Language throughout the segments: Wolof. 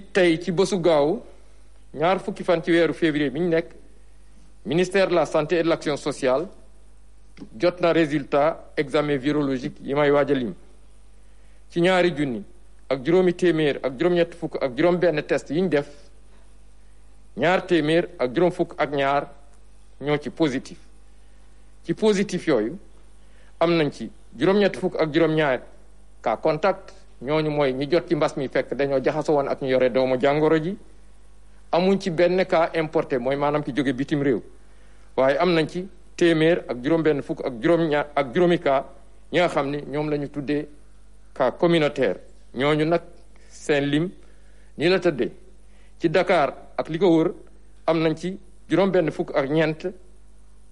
tey ci bésu gaaw ñaar fukki fan ci weeru février bi ñu nekk ministère de la santé et de l'action sociale jot na résultat examen virologique yi may waaj a ci ñaari junni ak juróomi téeméer ak juróom-ñett fukk ak juróom-benn test yi def ñaar téeméer ak juróom fukk ak ñaar ñoo ci positif ci positif yooyu am nañ ci juróom-ñett fukk ak juróom-ñaar cas contact ñooñu mooy ñi jot ci mbas mi fekk dañoo jaxasoo woon ak ñu yore doomu jàngoro ji amuñ ci benn cas importé mooy maanaam ki jóge bitim réew waaye am nañ ci téeméer ak juróom-benn fukk ak juróom ak juróomi cas xam ni ñoom la ñu tuddee cas communautaire ñooñu nag seen lim nii la tëddee ci Dakar ak li ko wër am nañ ci juróom-benn fukk ak ñeent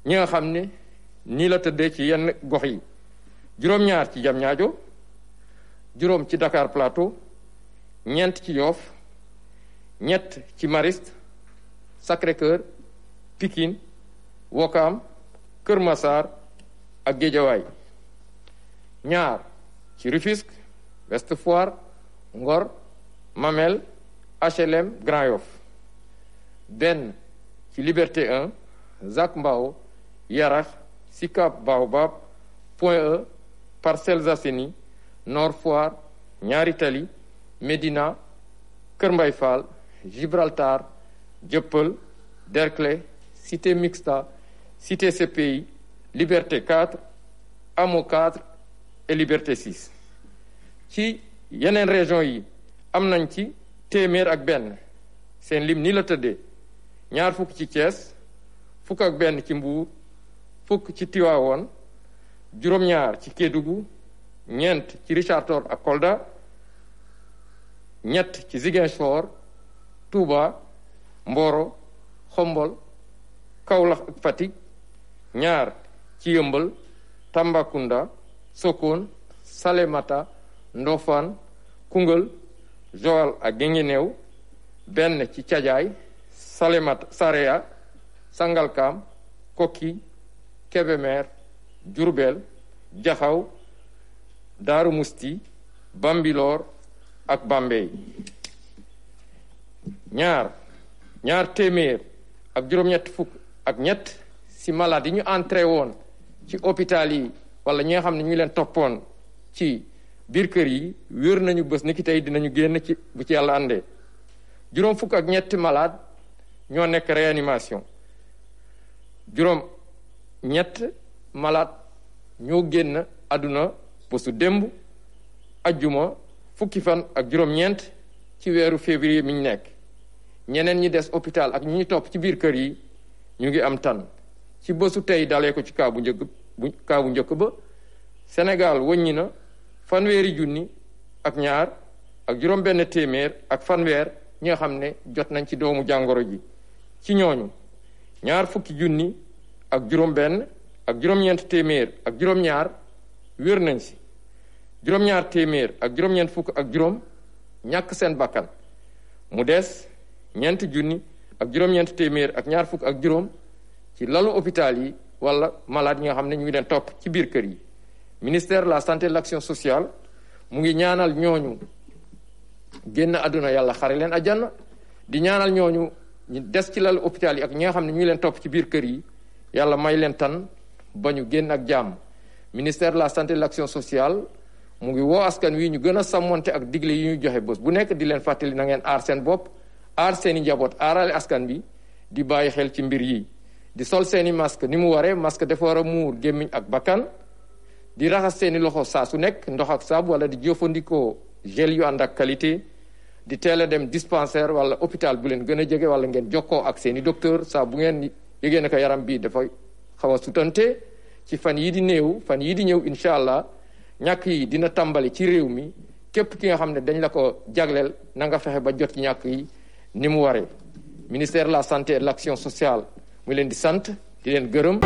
ñi nga xam ni nii la tëddee ci yenn gox yi juróom-ñaar ci Diamniadio juróom ci Dakar Plateau ñeent ci Yoff ñett ci Mariste Sacré-Cœur Pikine Wokam Kër Massar ak Guédiawaye ñaar ci Rufisque Ouest Ngor Mamel HLM Grand Yoff benn ci Liberté 1 Zac Mbao Yarax Sicap Baobab Point E Parcelles Assainies noor Foire ñaari tali Médina Kër Mbay Fall Gibraltar Jëppal Derklé Cité Mixta Cité CPI Liberté 4 Amo 4 et Liberté 6 ci yeneen région yi am nañ ci téeméer ak benn seen lim ni la tëddee ñaar fukk ci Thiès fukk ak benn ci Mbour fukk ci Tivaouane juróom-ñaar ci Kédougou ñeent ci Richard ak Kolda ñett ci Ziguinchor Touba Mboro Xombol Kaolack ak Fatick ñaar ci Yëmbal Tambacounda Sokone Salemata Ndofane Koungheul Joal ak Guinguinéo benn ci Cajaay Salemata Saréya Sangalkam Koki Kébémer Diourbel Jaxaw Daaru Musti Bambilor ak Bambey ñaar ñaar téeméer ak juróom-ñett fukk ak ñett si malaat yi ñu entré woon ci hôpital yi walla ñi nga xam ne ñu leen toppoon ci biir kër yi wér nañu bës ni ki tey dinañu génn ci bu ci yàlla àndee juróom fukk ak ñett malaat ñoo nekk réanimation juróom ñett malaat ñoo génn àdduna postu démb ajjuma fukki fan ak juróom-ñeent ci weeru février mi ñu nekk ñeneen ñi des hôpital ak ñi ñu topp ci biir kër yi ñu ngi am tan ci bësu tey dalee ko ci kaa bu njëkk bu kaa njëkk ba Sénégal wëññi na fanweeri junni ak ñaar ak juróom benn téeméer ak fanweer ñi xam ne jot nañ ci doomu jàngoro ji ci ñooñu ñaar fukki junni ak juróom benn ak juróom-ñeent téeméer ak juróom-ñaar wér nañ ci juróom-ñaar téeméer ak juróom-ñeent fukk ak juróom ñàkk seen bakkan mu des ñeenti junni ak juróom-ñeent téeméer ak ñaar fukk ak juróom ci lalu hôpital yi wala malade yi nga xam ne ñu ngi leen topp ci biir kër yi ministère la santé l'action sociale mu ngi ñaanal ñooñu génn àdduna yàlla xare leen àjjana di ñaanal ñooñu ñu des ci lalu hôpital yi ak ñi nga xam ne ñu ngi leen topp ci biir kër yi yàlla may leen tan ba ñu génn ak jàmm ministère de la santé et sociale mu ngi woo askan wi ñu gën a sàmmonte ak digle yi ñuy joxe bos bu nekk di leen fàttali na ngeen aar seen bopp aar seen i njaboot aarale askan bi di bàyyi xel ci mbir yi di sol seen i masque ni mu waree masque dafa war a muur gémmiñ ak bakkan di raxas seen i loxo saa su nekk ndox ak saabu wala di jëfandikoo gel yu ànd ak qualité di teel a dem dispensaire wala hôpital bu leen gën a jege wala ngeen jokkoo ak seen i docteur saa bu ngeen yëgee ne ko yaram bii dafa xaw a sutante ci fan yii di néew fan yii di ñëw incha allah ñàkk yi dina tàmbali ci réew mi képp ki nga xam ne dañ la ko jagleel nanga nga fexe ba jot ñàkk yi ni mu waree ministère la santé et l'action sociale mu leen di sant di leen gërëm